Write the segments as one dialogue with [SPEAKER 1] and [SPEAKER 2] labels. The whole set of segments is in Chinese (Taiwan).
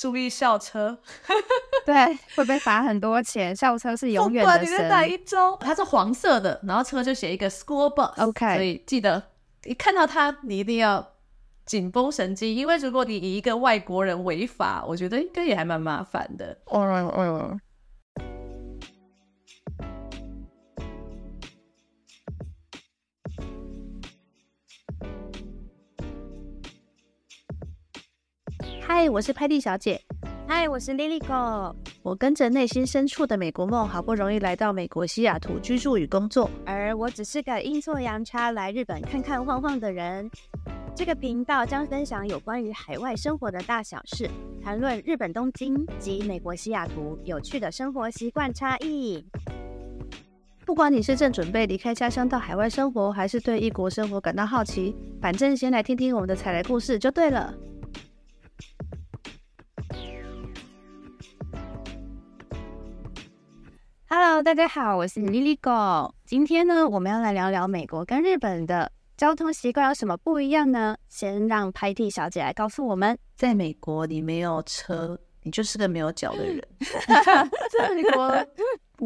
[SPEAKER 1] 注意校車， 對，會被罰很多錢。校車是永遠的神。不管、哦、你是哪一周，它是黃色的，然後車就寫一個 school bus。OK，所以記得一看到它，你一定要緊繃神經，因為如果你以一個外國人違法，我覺得應該也還蠻麻煩的。哦哦哦。嗨，Hi, 我是派蒂小姐。嗨，我是 Lily lily go。我跟着內心深處的美國夢，好不容易來到美國西雅圖居住與工作。
[SPEAKER 2] 而我只是個陰錯陽差來日本看看晃晃的人。這個頻道將分享有關於海外生活的大小事，談論日本東京及美國西雅圖有趣的生活習慣差異。
[SPEAKER 1] 不管你是正準備離開家鄉到海外生活，還是對異國生活感到好奇，反正先來聽聽我們的踩雷故事就對了。
[SPEAKER 2] Hello，大家好，我是 Lily Go，今天呢，我們要來聊聊美國跟日本的交通習慣有什麼不一樣呢？先讓 Patty 小姐來告訴我們。在美國，你沒有
[SPEAKER 1] 車，你就是個沒有腳的人。 在美國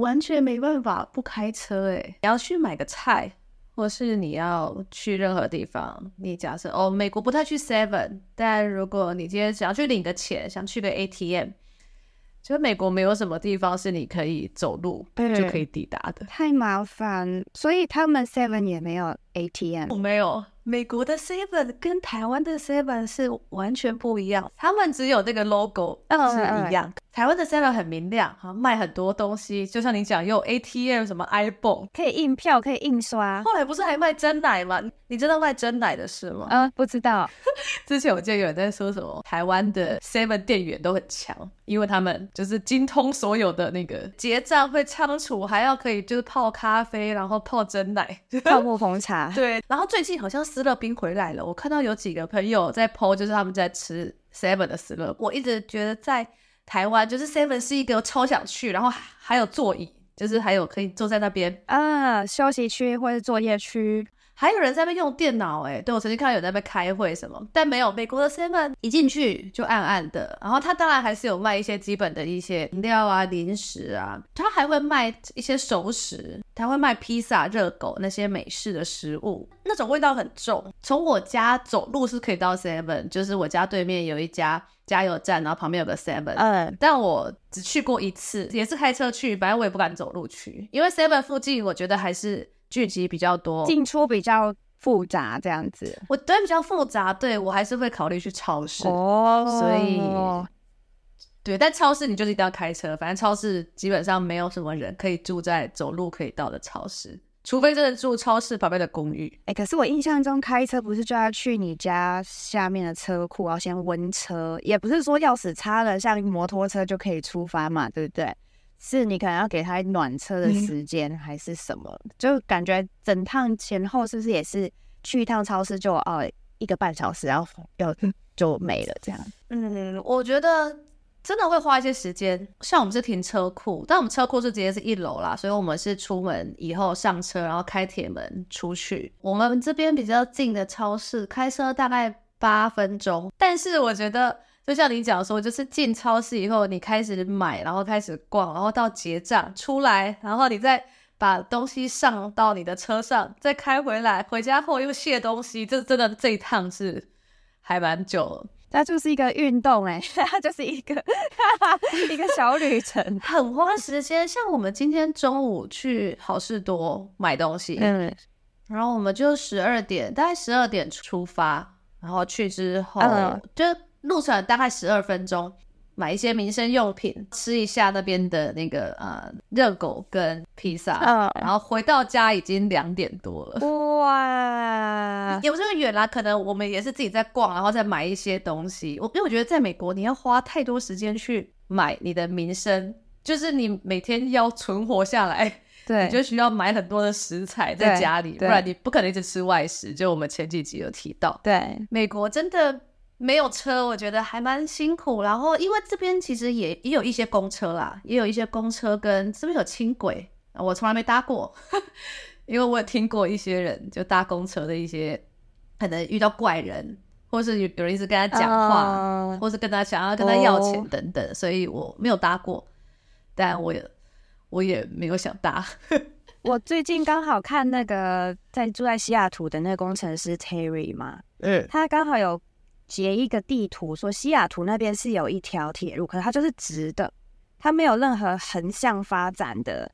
[SPEAKER 1] 完全沒辦法不開車，欸，你要去買個菜，或是你要去任何地方，你假設哦，美國不太去 Seven，但如果你今天想要去領個錢，想去個 ATM。其實美國沒有什麼地方是你可以走路就可以抵達的，太麻煩，所以他們 Seven 也沒有。ATM 我沒有，美國的 Seven 跟台灣的 Seven 是完全不一樣，他們只有那個 logo 是一樣。Uh, uh, uh, uh, 台灣的 Seven 很明亮，哈、啊，賣很多東西，就像你講用 ATM 什麼 iPhone 可以印票，可以印刷，後來不是還賣珍奶嗎？你知道賣珍奶的事嗎？啊，uh, 不知道。之前我記得有人在說什麼台灣的 Seven 店員都很強，因為他們就是精通所有的那個結賬會倉儲，還要可以就是泡咖啡，然後泡珍奶，泡沫紅茶。 對， 然後最近好像思樂冰回來了，我看到有幾個朋友在 po，就是他們在吃 seven 的思樂。我一直覺得在台灣，就是 seven 是一個超想去，然後還有座椅，就是還有可以坐在那邊啊、呃、休息區或者作業區。還有人在那邊用電腦誒、欸、對，我曾經看到有人在那邊開會什麼，但沒有美國的 seven 一進去就暗暗的，然後他當然還是有賣一些基本的一些飲料啊、零食啊，他還會賣一些熟食，他會賣披薩、熱狗那些美式的食物，那種味道很重。從我家走路是可以到 seven，就是我家對面有一家加油站，然後旁邊有個 seven，嗯，但我只去過一次，也是開車去，反正我也不敢走路去，因為 seven 附近我覺得還是。聚集比較多，進出
[SPEAKER 2] 比較複雜，這樣子，
[SPEAKER 1] 我覺得比較複雜。對，我還是會考慮去超市。哦，oh, 所以，對，但超市你就是一定要開車，反正超市基本上沒有什麼人，可以住在走路可以到的超市，除非真的住超市旁邊的公寓。哎、欸，可是我印象中
[SPEAKER 2] 開車不是就要去
[SPEAKER 1] 你家下面的車庫，然後先溫車，
[SPEAKER 2] 也不是說鑰匙插了像摩托車就可以出發嘛，對不對？是，你可能要給他暖車的時間，還是什麼？嗯、就感覺整趟前後是不是也是去一趟超市就啊、哦、一個半小時要，要要就沒了這樣？嗯，
[SPEAKER 1] 我覺得真的會花一些時間。像我們是停車庫，但我們車庫是直接是一樓啦，所以我們是出門以後上車，然後開鐵門出去。我們這邊比較近的超市，開車大概八分鐘。但是我覺得。就像你講說，就是進超市以後，你開始買，然後開始逛，然後到結賬出來，然後你再把東西上到你的車上，再開回來，回家後又卸東西，這真的這一趟是還蠻久。它就是一個運動哎，它就是一個 一個小旅程， 很花時間。像我們今天中午去好事多買東西，嗯， 然後我們就十二點，大概十二點出發，然後去之後、uh oh. 就。路程大概十二分鐘，買一些民生用品，吃一下那邊的那個呃熱狗跟披薩，嗯，Oh. 然後回到家已經兩點多了，哇，Wow. 也不是遠啦、啊，可能我們也是自己在逛，然後再買一些東西。我因為我覺得在美國你要花太多時間去買你的民生，就是你每天要存活下來，對，你就需要買很多的食材在家裡，不然你不可能一直吃外食。就我們前幾集有提到，對，美國真的。沒有車，我覺得還蠻辛苦。然後，因為這邊其實也也有一些公車啦，也有一些公車跟，跟這邊有輕軌，啊，我從來沒搭過，呵呵，因為我也聽過一些人就搭公車的一些，可能遇到怪人，或是有有人一直跟他講話，uh, 或是跟他想要跟他要錢等等，oh. 所以我沒有搭過。但我我也沒有想搭。我最近剛好看那個在住在西雅圖的那個工程師
[SPEAKER 2] Terry 嘛，嗯，他剛好有。截一個地圖，說西雅圖那邊是有一條鐵路，可是它就是直的，它沒有任何橫向發展的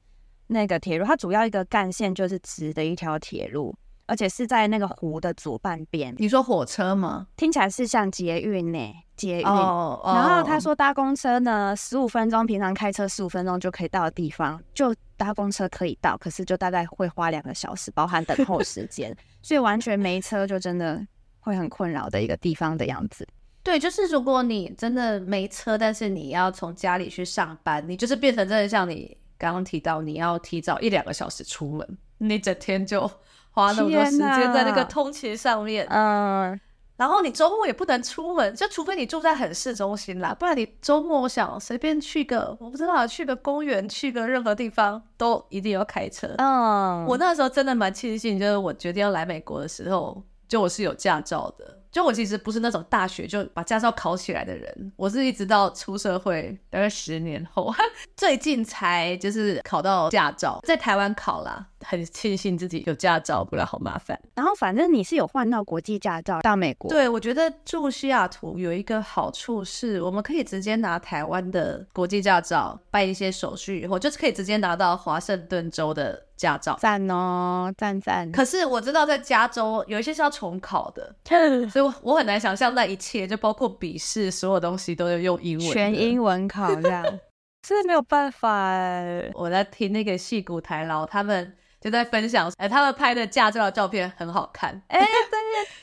[SPEAKER 2] 那個鐵路，它主要一個幹線就是直的一條鐵路，而且是在那個湖的左半邊。你說火車嗎？聽起來是像捷運呢、欸，捷運。Oh, oh. 然後他說搭公車呢，十五分鐘，平常開車十五分鐘就可以到的地方，就搭公車可以到，可是就大概會花兩個小時，包含等候時間， 所以完全沒車就真的。會很困擾的一個地方的樣子，
[SPEAKER 1] 對，就是如果你真的沒車，但是你要從家裡去上班，你就是變成真的像你剛剛提到，你要提早一兩個小時出門，你整天就花那麼多時間在那個通勤上面，嗯、啊，然後你週末也不能出門，就除非你住在很市中心啦，不然你週末我想隨便去個，我不知道去個公園，去個任何地方都一定要開車，嗯，我那時候真的蠻慶幸，就是我決定要來美國的時候，就我是有駕照的，就我其實不是那種大學就把駕照考起來的人，我是一直到出社會大概十年後， 最近才就是考到駕照，在台灣考啦。很慶幸自己有駕照，不然好麻煩。然後反正你是有換到國際駕照到美國。對，我覺得住西雅圖有一個好處是，我們可以直接拿台灣的國際駕照辦一些手續，以後就是可以直接拿到華盛頓州的駕照。讚哦，讚讚。可是我知道在加州有一些是要重考的， 所以我我很難想象那一切，就包括筆試，所有東西都要用英文，全英文考這樣，真的 沒有辦法、欸。我在聽那個矽谷台勞他們。就在分享，哎、欸，他們拍的駕照的照片很好看，哎、欸，對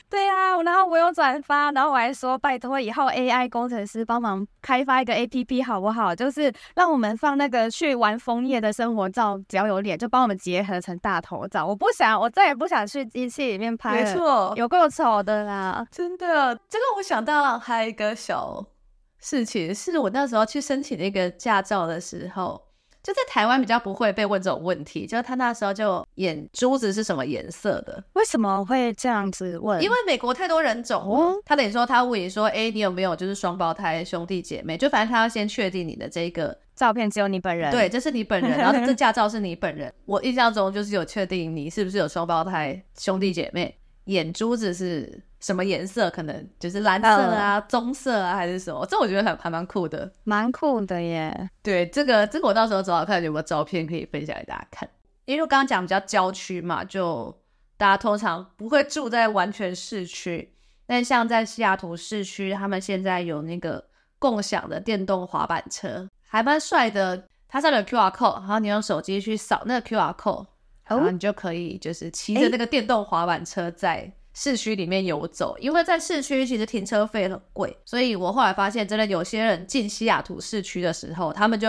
[SPEAKER 2] 對呀、啊，然後我有轉發，然後我還說拜託以後 AI 工程師幫忙開發一個 APP 好不好？就是讓我們放那個去玩楓葉的生活照，只要有臉就幫我們結合成大頭照。我不想，我再也不想去機器裡面拍，沒錯，有夠
[SPEAKER 1] 醜的啦，真的。這個我想到還有一個小事情，是我那時候去申請那個駕照的時候。就在台灣比較不會被問這種問題，就是他那時候就眼珠子是什麼顏色的？
[SPEAKER 2] 為什麼會這樣子問？因
[SPEAKER 1] 為美國太多人種了、哦、他等於說他問你說，哎、欸，你有沒有就是雙胞胎兄弟姐妹？就反正他要先確定你的這個照片只有你本人，對，這是你本人，然後這駕照是你本人。 我印象中就是有確定你是不是有雙胞胎兄弟姐妹，眼珠子是。什麼顏色？可能就是藍色啊、了棕色啊，還是什麼？這我覺得還還蠻酷的，
[SPEAKER 2] 蠻酷的耶。
[SPEAKER 1] 對，這個這個我到時候找找看有沒有照片可以分享給大家看。因為我剛剛講比較郊區嘛，就大家通常不會住在完全市區。但像在西雅圖市區，他們現在有那個共享的電動滑板車，還蠻帥的。它上面有 QR code，然後你用手機去掃那個 QR code，然後你就可以就是騎着那個電動滑板車在。哦欸市區裡面遊走，因為在市區其實停車費很貴，所以我後來發現，真的有些人進西雅圖市區的時候，他們就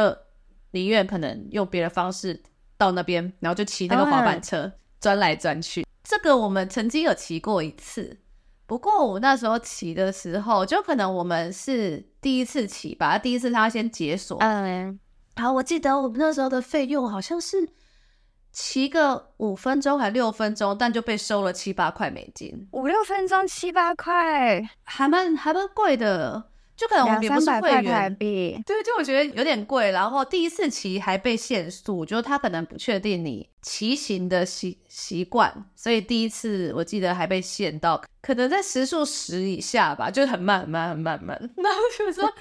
[SPEAKER 1] 寧願可能用別的方式到那邊，然後就騎那個滑板車，嗯、鑽來鑽去。這個我們曾經有騎過一次，不過我那時候騎的時候，就可能我們是第一次騎吧，第一次他先解鎖。嗯，好，我記得我們那時候的費用好像是。騎個五分鐘還六分鐘，但就被收了七八塊美金。五六分鐘七八塊，還蠻還蠻貴的。就可能兩三百塊台幣。對，就我覺得有點貴。然後第一次騎還被限速，覺得他可能不確定你騎行的習習慣，所以第一次我記得還被限到可能在時速十以下吧，就是很慢很慢很慢很慢。然後就說，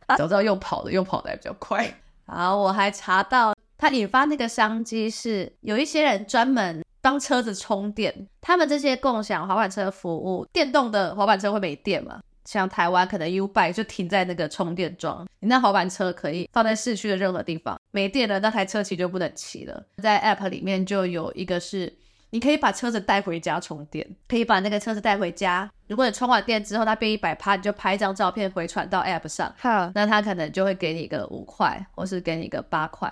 [SPEAKER 1] 早知道用跑的，用跑的還比較快。 好，我還查到。它引發那個商機，是有一些人專門幫車子充電，他們這些共享滑板車服務，電動的滑板車會沒電嘛？像台灣可能 Ubike 就停在那個充電樁，你那滑板車可以放在市區的任何地方，沒電了那台車騎就不能騎了。在 App 裡面就有一個是，你可以把車子帶回家充電，可以把那個車子帶回家。如果你充完電之後它變一百趴，你就拍一張照片回傳到 App 上，好、嗯，那他可能就會給你個五塊，或是給你個八塊。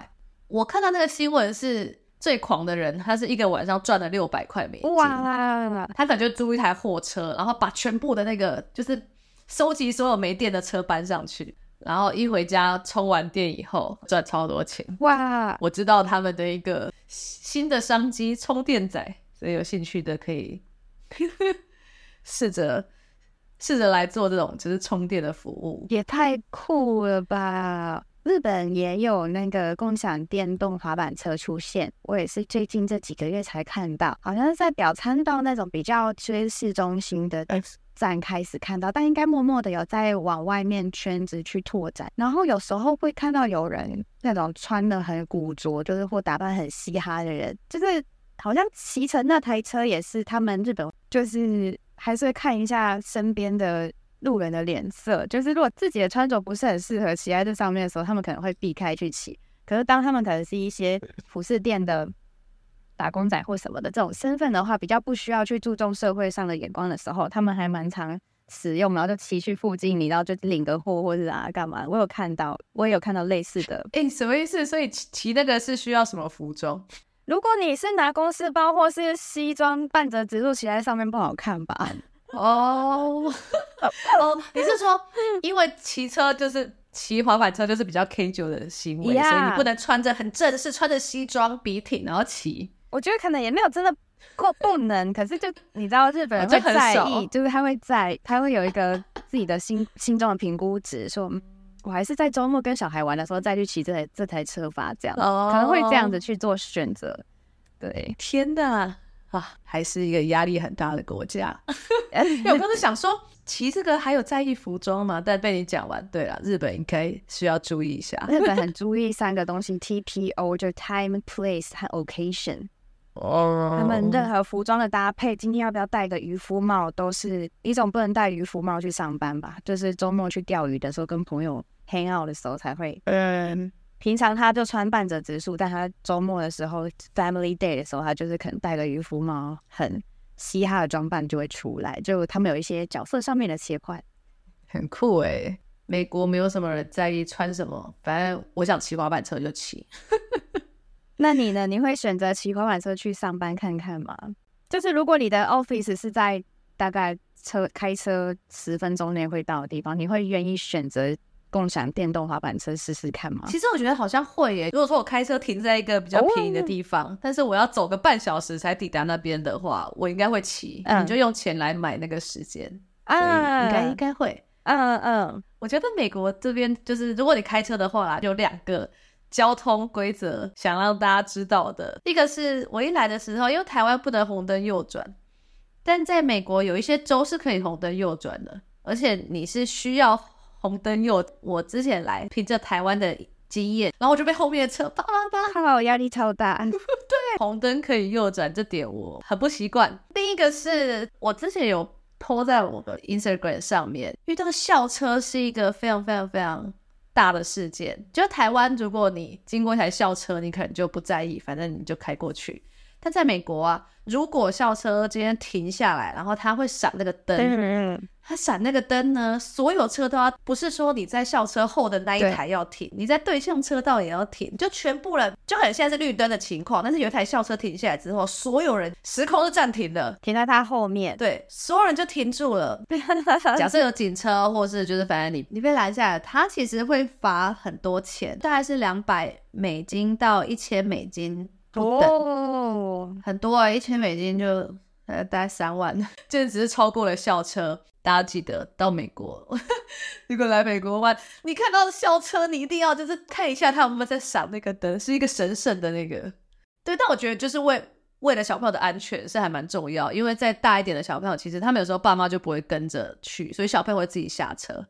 [SPEAKER 1] 我看到那個新聞是最狂的人，他是一個晚上賺了六百塊美金。哇，他早就租一台貨車，然後把全部的那個就是收集所有沒電的車搬上去，然後一回家充完電以後賺超多錢。哇，我知道他們的一個新的商機——充電仔，所以有興趣的可以試着試着來做這種就是充電的服務，也太酷
[SPEAKER 2] 了吧！日本也有那個共享電動滑板車出現，我也是最近這幾個月才看到，好像是在表參道那種比較就是市中心的站開始看到，但應該默默的有在往外面圈子去拓展。然後有時候會看到有人那種穿的很古着，就是或打扮很嘻哈的人，就是好像騎乘那台車也是他們日本，就是還是會看一下身邊的。路人的臉色，就是如果自己的穿着不是很適合騎在這上面的時候，他們可能會避開去騎。可是當他們可能是一些服飾店的打工仔或什麼的這種身份的話，比較不需要去注重社會上的眼光的時候，他們還蠻常使用，然後就騎去附近，你然後就領個貨或者啊幹嘛。我有看到，我也有看到類似的。
[SPEAKER 1] 誒，什麼意思？所以，所以騎，騎那個是需要什麼服裝？
[SPEAKER 2] 如果你是拿公事包或是西裝半折直入騎在上面不好看吧？
[SPEAKER 1] 哦哦，你、oh, oh, 是說 因為騎車就是騎滑板車就是比較 casual 的行為，Yeah. 所以你不能穿着很正式，穿着西裝筆挺然後騎？我覺得可能也沒有真的過不能，可是就你知道日本人會在意，oh, 就，很
[SPEAKER 2] 就是他會在他會有一個自己的心心中的評估值，說我還
[SPEAKER 1] 是在周末跟小孩玩的時候再去騎這台這台車吧，這樣，oh. 可能會這樣子去做選擇。對，天哪！哇、啊，還是一個壓力很大的國家。 因為我剛才想說，騎 這個還有在意服裝嗎？但被你講完，對了，日本應該需要注意一下。日本很注意三個東西 ：TPO，就是 time、place 和
[SPEAKER 2] occasion。
[SPEAKER 1] Oh. 他們任何
[SPEAKER 2] 服裝的搭配，今天要不要戴個漁夫帽？都是你總不能戴漁夫帽去上班吧？就是周末去釣魚的時候，跟朋友 hang out 的時候才會。嗯。平常他就穿半澤直樹，但他週末的時候，Family Day 的時候，他就是可能戴個漁夫帽，很嘻哈的裝扮就會出來。
[SPEAKER 1] 就他們有一些角色上面的切塊很酷哎，欸。美國沒有什麼人在意穿什麼，反正我想騎滑板車就騎。
[SPEAKER 2] 那你呢？你會選擇騎滑板車去上班看看嗎？就是如果你的 Office 是在大概車開車十分鐘內會到的地方，你會願意選擇？共享電動滑板車試試看嗎？其實我
[SPEAKER 1] 覺得好像會耶。如果說我開車停在一個比較便宜的地方，oh, um, 但是我要走個半小時才抵達那邊的話，我應該會騎。Um, 你就用錢來買那個時間啊，uh, 所以應該應該會。嗯嗯，我覺得美國這邊就是，如果你開車的話，有兩個交通規則想讓大家知道的。一個是我一來的時候，因為台灣不能紅燈右轉，但在美國有一些州是可以紅燈右轉的，而且你是需要。紅燈右，我之前來憑着台灣的經驗，然後我就被後面的車叭叭叭，好壓力超大。對，紅燈可以右轉這點我很不習慣。第一個是，是我之前有 po 在我的 Instagram 上面，遇到校車是一個非常非常非常大的事件。就台灣，如果你經過一台校車，你可能就不在意，反正你就開過去。但在美國啊，如果校車今天停下來，然後它會閃那個燈，它對閃那個燈呢，所有車都要，不是說你在校車後的那一台要停，對你在對向車道也要停，就全部人，就可能現在是綠燈的情況，但是有一台校車停下來之後，所有人時空都暫停了，停在它後面，對，所有人就停住了。 假設有警車，或是就是反正你你被攔下來，它其實會罰很多錢，大概是兩百美金到一千美金。嗯哦，oh, 很多啊，一千美金就、呃、大概三萬，這只是超過了校車。大家記得到美國，呵呵如果來美國的話，你看到校車，你一定要就是看一下他有沒有在閃那個燈，是一個神聖的那個。對，但我覺得就是為為了小朋友的安全是還蠻重要，因為再大一點的小朋友，其實他們有時候爸媽就不會跟着去，所以小朋友會自己下車。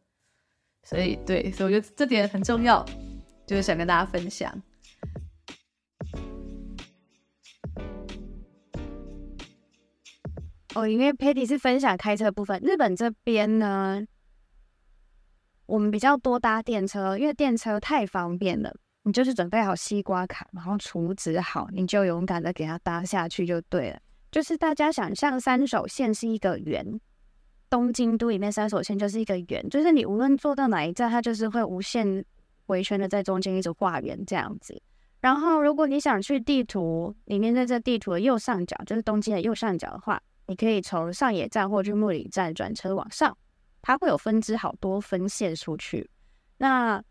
[SPEAKER 1] 所以對，所以我覺得這點很重要，就是想跟大家分享。哦，因為 Patty 是分享開
[SPEAKER 2] 車的部分。日本這邊呢，我們比較多搭電車，因為電車太方便了。你就是準備好西瓜卡，然後儲值好，你就勇敢的給它搭下去就對了。就是大家想象山手線是一個圓，東京都裡面山手線就是一個圓，就是你無論坐到哪一站，它就是會無限迴圈的在中間一直畫圓這樣子。然後如果你想去地圖裡面，在這地圖的右上角，就是東京的右上角的話。你可以從上野站或去木里站轉車往上，它會有分支好多分線出去。那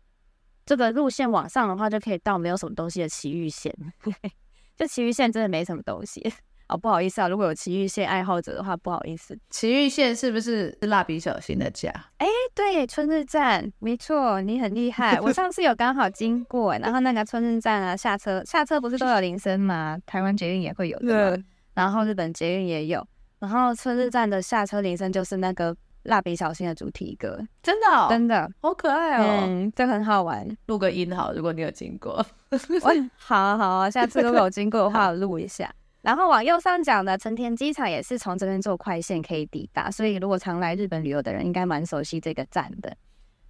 [SPEAKER 2] 這個路線往上的話，就可以到沒有什麼東西的埼玉線。 就埼玉線真的沒什麼東西。哦，不好意思啊，如果有埼玉線愛好者的話，不好意思。埼玉線
[SPEAKER 1] 是不是，是蠟筆小新的家？
[SPEAKER 2] 哎，對，春日站沒錯，你很厲害。 我上次有剛好經過，然後那個春日站啊，下車下車，不是都有鈴聲嗎？ 台灣捷運也會有對，是然後日本捷運也有。然後，春日站的下車鈴聲就是那個蠟筆小新的主題歌，
[SPEAKER 1] 真的，哦、真的，真的好可愛哦。嗯，
[SPEAKER 2] 這很好玩。錄個音好，如果你有經過。
[SPEAKER 1] 我 好、啊、好、啊，下次如果有經
[SPEAKER 2] 過的話，錄 好一下。然後往右上角的成田機場也是從這邊坐快線可以抵達，所以如果常來日本旅遊的人，應該蠻熟悉這個站的。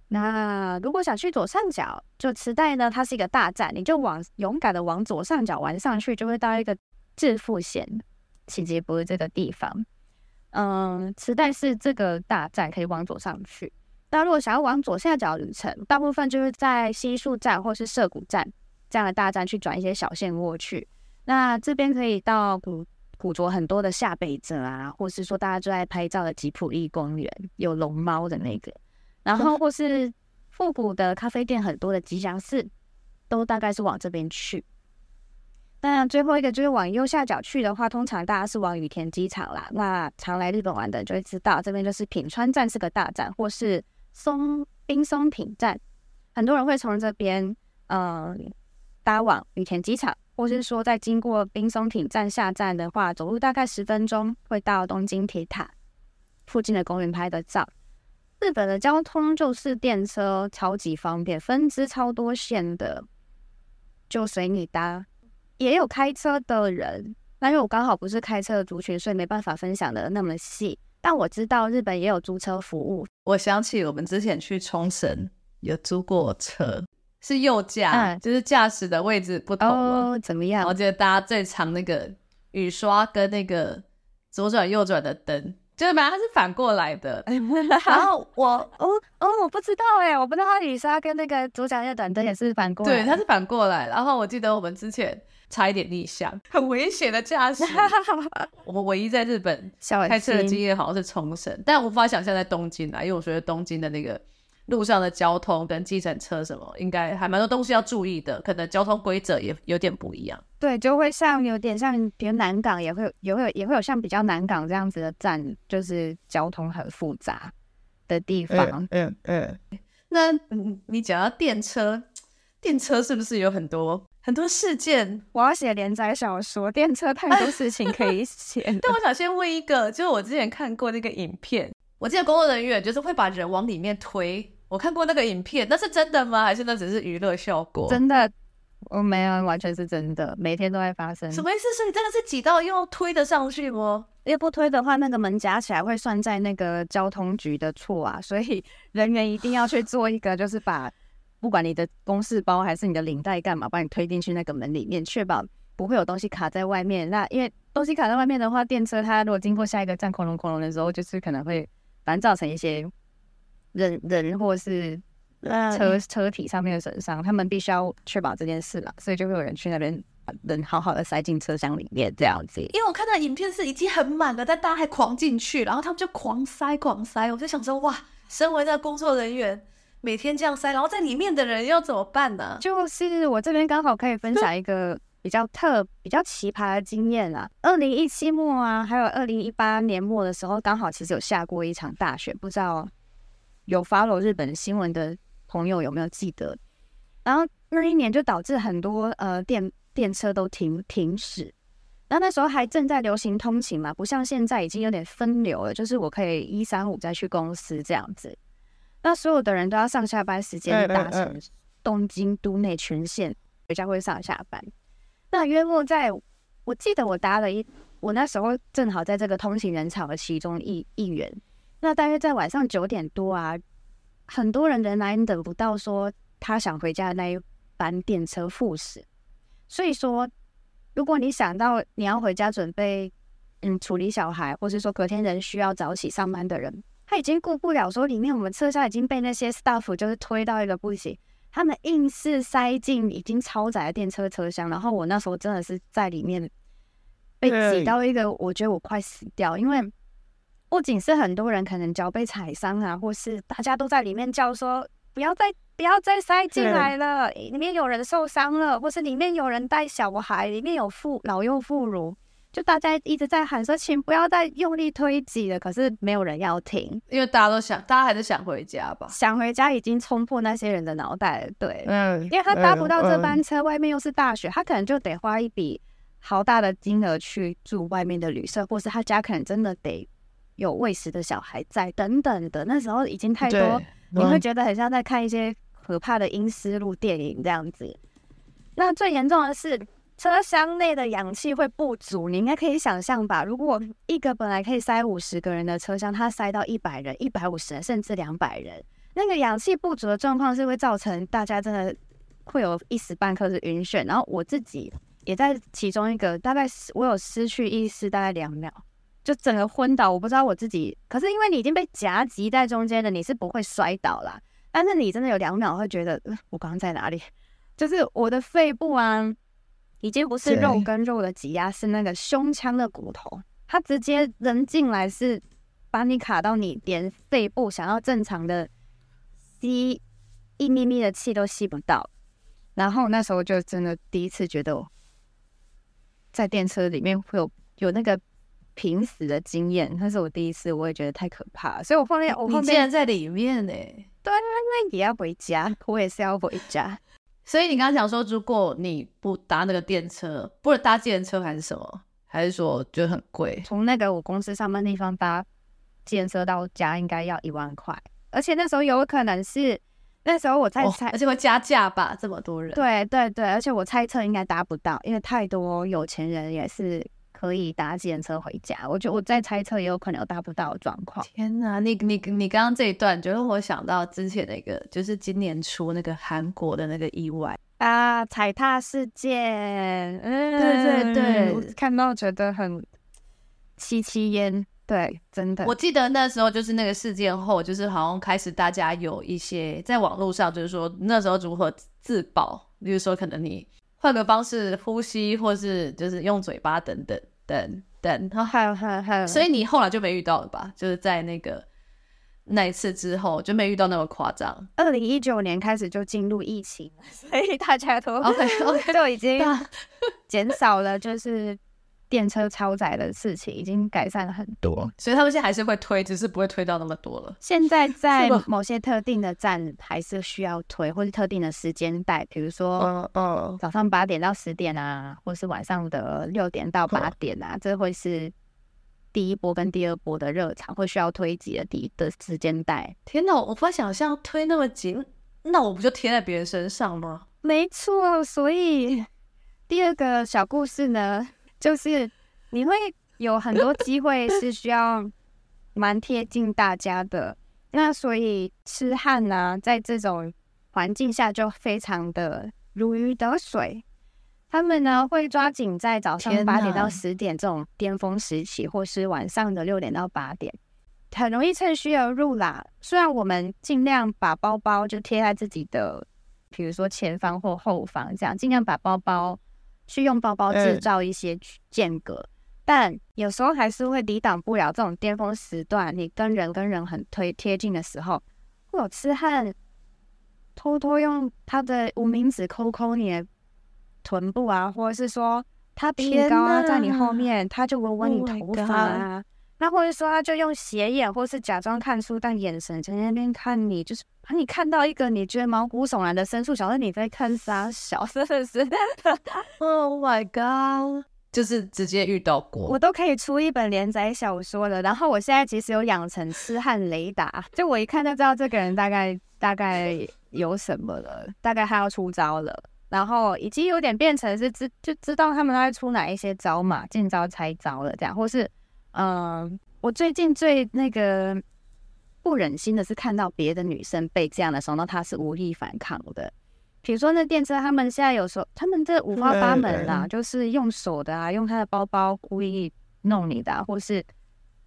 [SPEAKER 2] 那如果想去左上角就池袋呢，它是一個大站，你就往勇敢的往左上角玩上去，就會到一個致富線。其實不是這個地方，嗯，池袋是這個大站，可以往左上去。大家如果想要往左下角旅程，大部分就是在新宿站或是澀谷站這樣的大站去轉一些小線過去。那這邊可以到古古着很多的下北澤啊，或是說大家最愛拍照的吉卜力公園，有龍貓的那個，然後或是復古的咖啡店很多的吉祥寺，都大概是往這邊去。那最後一個就是往右下角去的話，通常大家是往羽田機場啦。那常來日本玩的就會知道，這邊就是品川站是個大站，或是松濱松町站，很多人會從這邊呃搭往羽田機場，或是說再經過濱松町站下站的話，走路大概十分鐘會到東京鐵塔附近的公園拍的照。日本的交通就是電車超級方便，分支超多線的，就隨你搭。也有開車的人，那因為我剛好不是開車的族群，所以沒辦法分享的那麼細。但我知
[SPEAKER 1] 道日本也有租車服務。我想起我們之前去沖繩有租過車，是右駕，嗯、就是駕駛的位置不同哦，怎麼樣？我記得大家最常那個雨刷跟那個左轉右轉的燈，就是本來它是反過來的。 然後、啊、我哦哦，我不知道哎，我不知道雨刷跟那個左轉右轉燈也是反過來。對，它是反過來。然後我記得我們之前。差一點逆向，很危險的駕駛。 我們唯一在日本開車的經驗好像是沖繩，心但我無法想象在東京啊，因為我覺得東京的那個路上的交通跟計程車什麼，應該還蠻多東西要注意的，可能交通規則也有點不一樣。
[SPEAKER 2] 對，就會像有點像，比如南港也會也會有也會有像比較南港這樣子的站，就是交通很複雜的地方。嗯、欸欸欸、嗯，那你你講到電
[SPEAKER 1] 車，電車是不是有很多？很多事件，我要寫連載小說，電車太多事情可以寫。但 我想先問一個，就是我之前看過那個影片，我記得工作人員就是會把人往裡面推。我看過那個影片，那是真的嗎？還是那只是娛樂效果？真
[SPEAKER 2] 的，我、哦、沒有，完全是真的，每天都在發生。什麼
[SPEAKER 1] 意思是？是你真的是擠到又推得上去嗎？要不推的話，那個門夾起來會算在那
[SPEAKER 2] 個交通局的錯啊，所以人員一定要去做一個，就是把。 不管你的公事包還是你的領帶幹嘛，把你推進去那個門裡面，確保不會有東西卡在外面。那因為東西卡在外面的話，電車它如果經過下一個站空隆空隆的時候，就是可能會反正造成一些人人或是車車體上面的損傷。你他們必須要確保這件事嘛，所以就會有人去那邊把人好好的塞進車廂裡面這樣子。因
[SPEAKER 1] 為我看到影片是已經很滿了，但大家還狂進去，然後他們就狂塞狂塞，我就想說哇，身為這個工作人員。每天這樣塞，然後在裡面的人要怎麼辦呢？
[SPEAKER 2] 就是我這邊剛好可以分享一個比較特、 比較奇葩的經驗啦。二零一七末啊，還有二零一八年末的時候，剛好其實有下過一場大雪，不知道有 follow 日本新聞的朋友有沒有記得？然後那一年就導致很多呃電電車都停停駛，然後那時候還正在流行通勤嘛，不像現在已經有點分流了，就是我可以一三五再去公司這樣子。那所有的人都要上下班時間搭乘東京都內全線，人家會上下班。那約莫在，我記得我搭了一，我那時候正好在這個通勤人潮的其中一一員。那大約在晚上九點多啊，很多人仍然等不到說他想回家的那一班電車復駛。所以說，如果你想到你要回家準備，嗯，處理小孩，或是說隔天仍需要早起上班的人。他已經顧不了說裡面我們車廂已經被那些 staff 就是推到一個不行，他們硬是塞進已經超窄的電車車廂，然後我那時候真的是在裡面被擠到一個，我覺得我快死掉，對因為不僅是很多人可能腳被踩傷啊，或是大家都在裡面叫說不要再不要再塞進來了，對裡面有人受傷了，或是裡面有人帶小孩，裡面有婦老幼婦孺。就大家一直在喊說，請不要再用力推擠了。可是沒有人要停，因為大家都想，大家還是想回家吧。想回家已經衝破那些人的腦袋了。對，嗯，因為他搭不到這班車，嗯、外面又是大雪，他可能就得花一筆好大的金額去住外面的旅社，或是他家可能真的得有餵食的小孩在等等的。那時候已經太多，嗯、你會覺得很像在看一些可怕的陰屍路電影這樣子。那最嚴重的是。車廂內的氧氣會不足，你應該可以想象吧？如果一個本來可以塞五十個人的車廂，它塞到一百人、一百五十人，甚至兩百人，那個氧氣不足的狀況是會造成大家真的會有一時半刻是暈眩。然後我自己也在其中一個，大概是我有失去意識大概兩秒，就整個昏倒。我不知道我自己，可是因為你已經被夾擠在中間了，你是不會摔倒啦。但是你真的有兩秒會覺得，我剛剛在哪裡？就是我的肺部啊。已經不是肉跟肉的擠壓，對是那個胸腔的骨頭，它直接扔進來是把你卡到你連肺部想要正常的吸一咪咪的氣都吸不到。然後那時候就真的第一次覺得我在電車裡面會有有那個平時的經驗，那是我第一次我也覺得太可
[SPEAKER 1] 怕，所以我放在、嗯、我放你竟然在裡面呢？對，因為也要回家，我也是要回家。所以你剛剛講說，如果你不搭那個電車，不是搭計程車還是什麼，還是說覺得很貴？從那個我公司上班地方搭計程車
[SPEAKER 2] 到家應該要一萬塊，而且那時候有可能是那時候我在猜，哦、而且會加
[SPEAKER 1] 價吧？這麼多人？
[SPEAKER 2] 對對對，而且我猜測應該搭不到，因為太多有錢人
[SPEAKER 1] 也是。可以搭計程車回家，我覺我在猜測，也有可能有搭不到的狀況。天哪、啊，你你你剛剛這一段，就得我想到之前那個，就是今年出那個韓國的那個意外
[SPEAKER 2] 啊，踩踏事件。嗯，對對對，嗯、看到覺得很吸氣煙。七七對，真的，我
[SPEAKER 1] 記得那時候就是那個事件後，就是好像開始大家有一些在網絡上，就是說那時候如何自保，比、就、如、是、說可能你換個方式呼吸，或是就是用嘴巴等等。等等，等 oh, 好好好有，所以你後來就沒遇到了吧？就是在那個那一次之後就沒遇到那麼誇張。二零一九年開始就進入
[SPEAKER 2] 疫情，所以、 欸、大家都 okay, okay, 就已經減少了，就是。 電車超載的事情已經改善了很
[SPEAKER 1] 多，所以他們現在還是會推，只是不會推到那麼多了。
[SPEAKER 2] 現在在某些特定的站還是需要推，或是特定的時間帶，比如說早上八點到十點啊，或是晚上的六點到八點啊，這會是第一波跟第二波的熱場會需要推擠的第一的時間帶。
[SPEAKER 1] 天吶，我無法想象推那麼緊，那我不就貼在別人身上嗎？沒錯，所以第二個小故事呢。
[SPEAKER 2] 就是你會有很多機會是需要蠻貼近大家的， 那所以癡漢呢、啊，在這種環境下就非常的如魚得水，他們呢會抓緊在早上八點到十點這種巔峰時期，哪或是晚上的六點到八點，很容易趁虛而入啦。雖然我們盡量把包包就貼在自己的，比如說前方或後方這樣，盡量把包包。去用包包製造一些間隔，欸、但有時候還是會抵擋不了這種巔峰時段，你跟人跟人很推貼近的時候，會有痴漢偷偷用他的無名指摳摳你的臀部啊，或者是說他比較高啊，在你後面哪他就聞聞你頭髮啊。Oh 那或者說，他就用斜眼，或是假裝看書，但眼神在那邊看你，就是把你看到一個你覺得毛骨悚然的神術小說，你在看啥小說？真的是，Oh my god！就是直接遇到過，我都可以出一本連載小說了。然後我現在其實有養成痴漢雷達，就我一看就知道這個人大概大概有什麼了，大概他要出招了。然後已經有點變成是知就知道他們在出哪一些招嘛，見招拆招了這樣，或是。嗯、呃，我最近最那個不忍心的是看到別的女生被這樣的時候，那她是無力反抗的。比如說那電車，他們現在有時候他們這五花八門啦、啊，嗯嗯就是用手的啊，用他的包包故意弄你的、啊，或是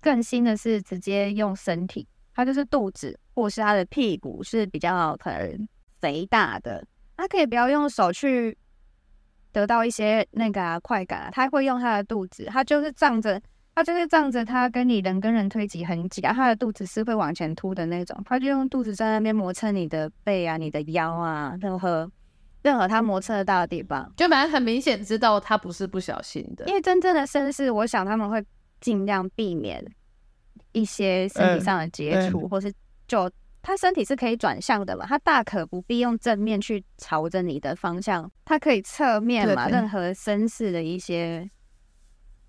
[SPEAKER 2] 更新的是直接用身體，他就是肚子或是他的屁股是比較疼、肥大的。他可以不要用手去得到一些那個啊快感啊，他會用他的肚子，他就是仗着，他就是仗着，他跟你人跟人推擠很擠啊，他的肚子是會往前凸的那種，他就用肚子在那邊磨蹭你的背啊、你的腰啊，任何
[SPEAKER 1] 任何他磨蹭得到的地方，就反正很明顯知道他不是不小心的。因
[SPEAKER 2] 為真正的紳士，我想他們會盡量避免一些身體上的接觸，嗯嗯、或是就他身體是可以轉向的嘛，他大可不必用正面去朝着你的方向，他可以側面嘛，對任何紳士的一些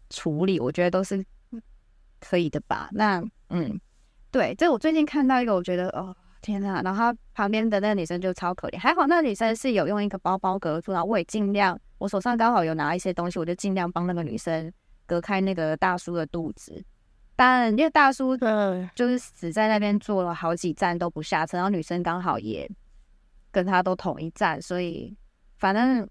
[SPEAKER 2] 處理我覺得都是可以的吧。那嗯，對，這我最近看到一個，我覺得哦天哪！然後他旁邊的那個女生就超可憐，還好那女生是有用一個包包隔住。然後我也盡量，我手上剛好有拿一些東西，我就盡量幫那個女生隔開那個大叔的肚子。但因為大叔就是死在那邊坐了好幾站都不下車，然後女生剛好也跟他都同一站，所以反正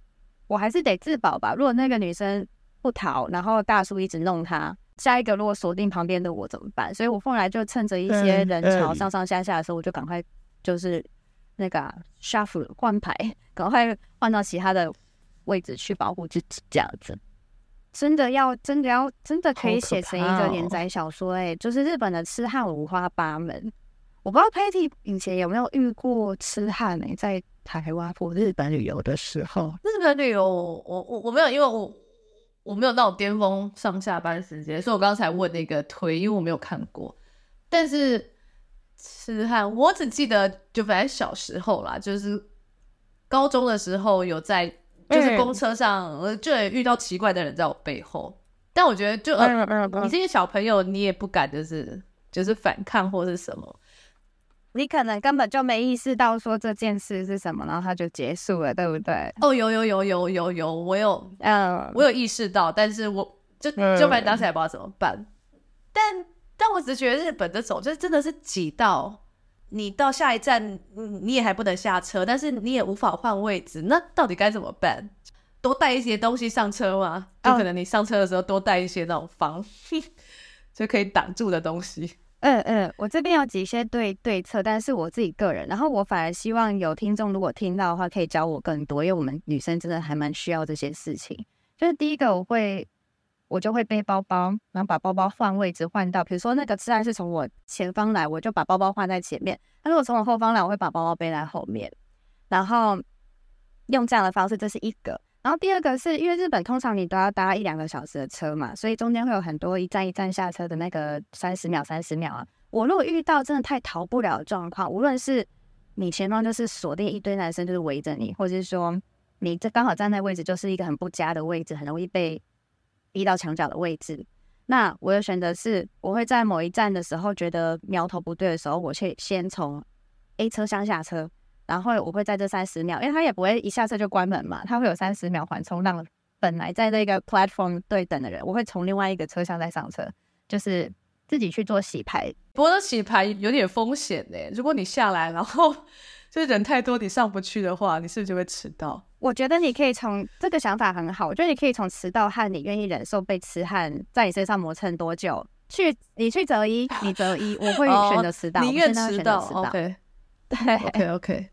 [SPEAKER 2] 我還是得自保吧。如果那個女生。不逃，然後大叔一直弄他。下一個如果鎖定旁邊的我怎麼辦？所以我後來就趁着一些人潮上上下下的時候，我就趕快就是那個 shuffle 換牌，趕快換到其他的位置去保護自己。這樣子真的要真的要真的可以寫成一個連載小說哎！哦、就是日本的癡漢五花八門，我不知道 Patty 以前有沒有遇過癡漢哎，在台灣或日本旅遊的時候，
[SPEAKER 1] 日本旅遊我我我沒有，因為我。我沒有那種巔峰上下班時間，所以我剛才問那個推，因為我沒有看過。但是癡漢，我只記得就反正小時候啦，就是高中的時候有在，就是公車上，嗯、就也遇到奇怪的人在我背後。但我覺得就，就、呃哎哎哎、你是一個小朋友，你也不敢，就是就是反抗或是什麼。你可能根本就沒意識到說這件事是什麼，然後它就結
[SPEAKER 2] 束了，對不對？哦，
[SPEAKER 1] 有有有有有有，我有嗯，um, 我有意識到，但是我就就反正當時也不知道怎麼辦。嗯，但但我只覺得日本這種就是真的是擠到你到下一站，嗯，你也還不能下車，但是你也無法換位置，那到底該怎麼辦？多帶一些東西上車嗎？就可能你上車的時候多帶一些那種防，oh. 就可以擋住的東西。嗯嗯，我這
[SPEAKER 2] 邊有幾些對對策，但是我自己個人，然後我反而希望有聽眾如果聽到的話，可以教我更多，因為我們女生真的還蠻需要這些事情。就是第一個，我會我就會背包包，然後把包包換位置換到，比如說那個癡漢是從我前方來，我就把包包換在前面，他如果從我後方來，我會把包包背在後面，然後用這樣的方式，這是一個。然後第二個是因為日本通常你都要搭一兩個小時的車嘛，所以中間會有很多一站一站下車的那個三十秒、三十秒啊。我如果遇到真的太逃不了的狀況，無論是你前方就是鎖定一堆男生就是圍着你，或者是說你這剛好站在位置就是一個很不佳的位置，很容易被逼到牆角的位置。那我的選擇是，我會在某一站的時候覺得苗頭不對的時候，我先先從 A 車廂下車。然後我會在這三十秒，因為它也不會一下車就關門嘛，它會有三十秒緩衝，讓本來在這個 platform 對等的
[SPEAKER 1] 人，我會從另外一個車廂再上車，就是自己去做洗牌。不過洗牌有點風險呢、欸，如果你下來然後就是人太多你上不去的話，你是不是
[SPEAKER 2] 就會遲到？我覺得你可以從這個想法很好，我覺得你可以從遲到和你願意忍受被癡漢在你身上磨蹭多久去，你去擇一，你擇一， 我會選擇遲到，你願、哦、選擇遲
[SPEAKER 1] 到。OK，OK，OK。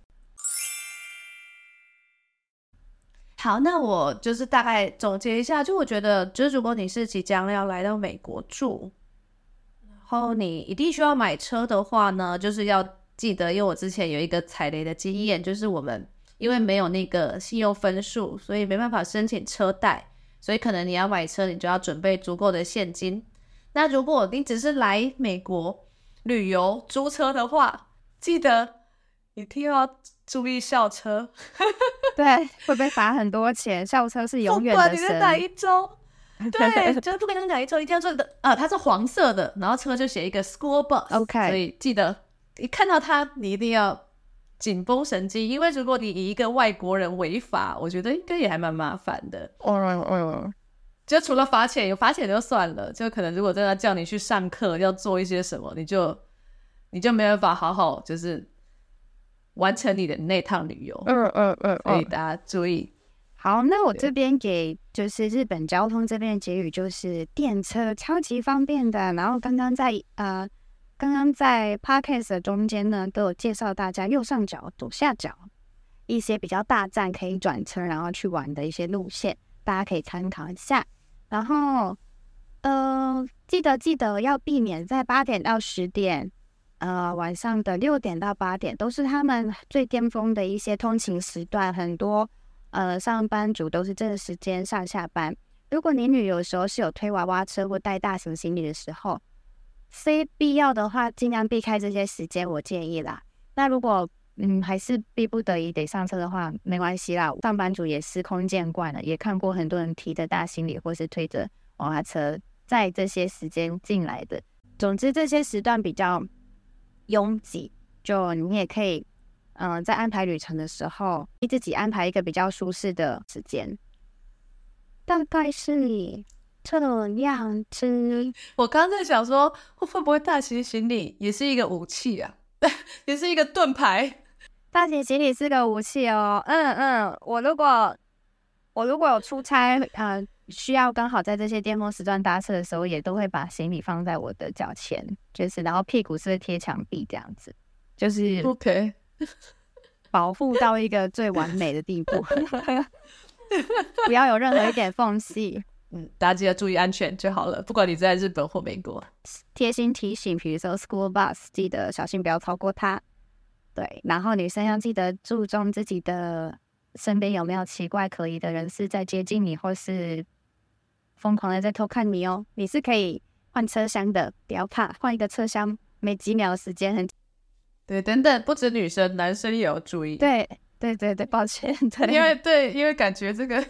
[SPEAKER 1] 好，那我就是大概總結一下，就我覺得，就如果你是即將要來到美國住，然後你一定需要買車的話呢，就是要記得，因為我之前有一個踩雷的經驗，就是我們因為沒有那個信用分數，所以沒辦法申請車貸，所以可能你要買車，你就要準備足夠的現金。那如果你只是來美國旅遊租車的話，記得一定要。注意校車，
[SPEAKER 2] 對， 會被罰很多錢。校車是永
[SPEAKER 1] 遠的神。不跟你們講一周，
[SPEAKER 2] 對，
[SPEAKER 1] 就是不跟你們講一周，一定要做的啊！它是黃色的，然後車就寫一個 school bus。OK，所以記得一看到它，你一定要緊繃神經，因為如果你以一個外國人違法，我覺得應該也還蠻麻煩的。哦哦，就除了罰錢，有罰錢就算了。就可能如果真的叫你去上課要做一些什麼，你就你就沒有法好好就是。完成你的那趟旅遊，嗯嗯
[SPEAKER 2] 嗯，給大家注意。好，那我這邊給就是日本交通這邊的結語，就是電車超級方便的。然後剛剛在呃，剛剛在 podcast 的中間呢，都有介紹大家右上角、左下角一些比較大站可以轉車，然後去玩的一些路線，大家可以參考一下。然後，呃，記得記得要避免在八點到十點。呃，晚上的六點到八點，都是他們最巔峰的一些通勤時段，很多呃上班族都是這個時間上下班。如果你旅遊的時候是有推娃娃車或帶大型行李的時候，非必要的話，盡量避開這些時間，我建議啦。那如果嗯還是逼不得已得上車的話，沒關係啦。上班族也司空見慣了，也看過很多人提着大行李或是推着娃娃車在這些時間進來的。總之，這些時段比較。擁擠，就你也可以，嗯、呃，在安排旅程的時候，你自己安排一個比較舒適的時間，
[SPEAKER 1] 大概是你這樣子。我剛在想說，會不會大型行李也是一個武器啊？ 也是一個盾牌。大型行李是個武器哦。嗯
[SPEAKER 2] 嗯，我如果我如果有出差，嗯、呃。需要剛好在這些巔峰時段搭車的時候，也都會把行李放在我的腳前，就是然後屁股是貼牆壁這樣子，就是 OK，保護到一個最完美的地步， 不要有任何一點縫隙。嗯， 大家記得注意安全就好了，不管你在日本或美國。貼心提醒，比如說 school bus，記得小心不要超過它。對，然後女生要記得注重自己的身邊有沒有奇怪可疑的人士在接近你，或是。瘋狂的在偷看你哦，你是可以換車廂的，不要怕，換一個車廂，每幾秒時
[SPEAKER 1] 間很。對，等等，不止女生，男生也要注意。
[SPEAKER 2] 對，對對對，抱歉，對，因為
[SPEAKER 1] 對，因為感覺這個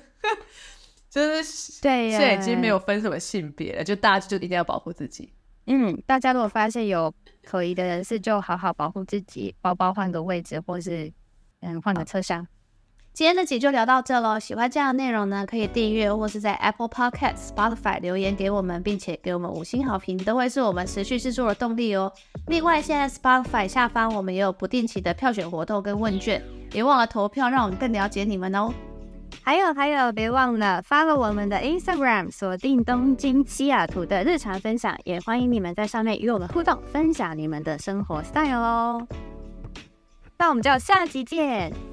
[SPEAKER 1] 就是對，現在已經沒有分什麼性別了，嗯、就大家就一定要保護自己。
[SPEAKER 2] 嗯，大家如果發現有可疑的人士，就好好保護自己，包包換個位置，或是嗯，換個車廂。
[SPEAKER 1] 今天的集就聊到這嘍，喜歡這樣的內容呢，可以訂閱或是在 Apple Podcast、Spotify 留言給我們，並且給我們五星好評，都會是我們持續製作的動力哦。另外，現在 Spotify 下方我們也有不定期的票選活動跟問卷，別忘了投票，讓我們更
[SPEAKER 2] 了解你們哦。還有還有，別忘了 follow 我們的 Instagram，鎖定東京西雅圖的日常分享，也歡迎你們在上面與我們互動，分享你們的生活 style 哦。那我們就下集見。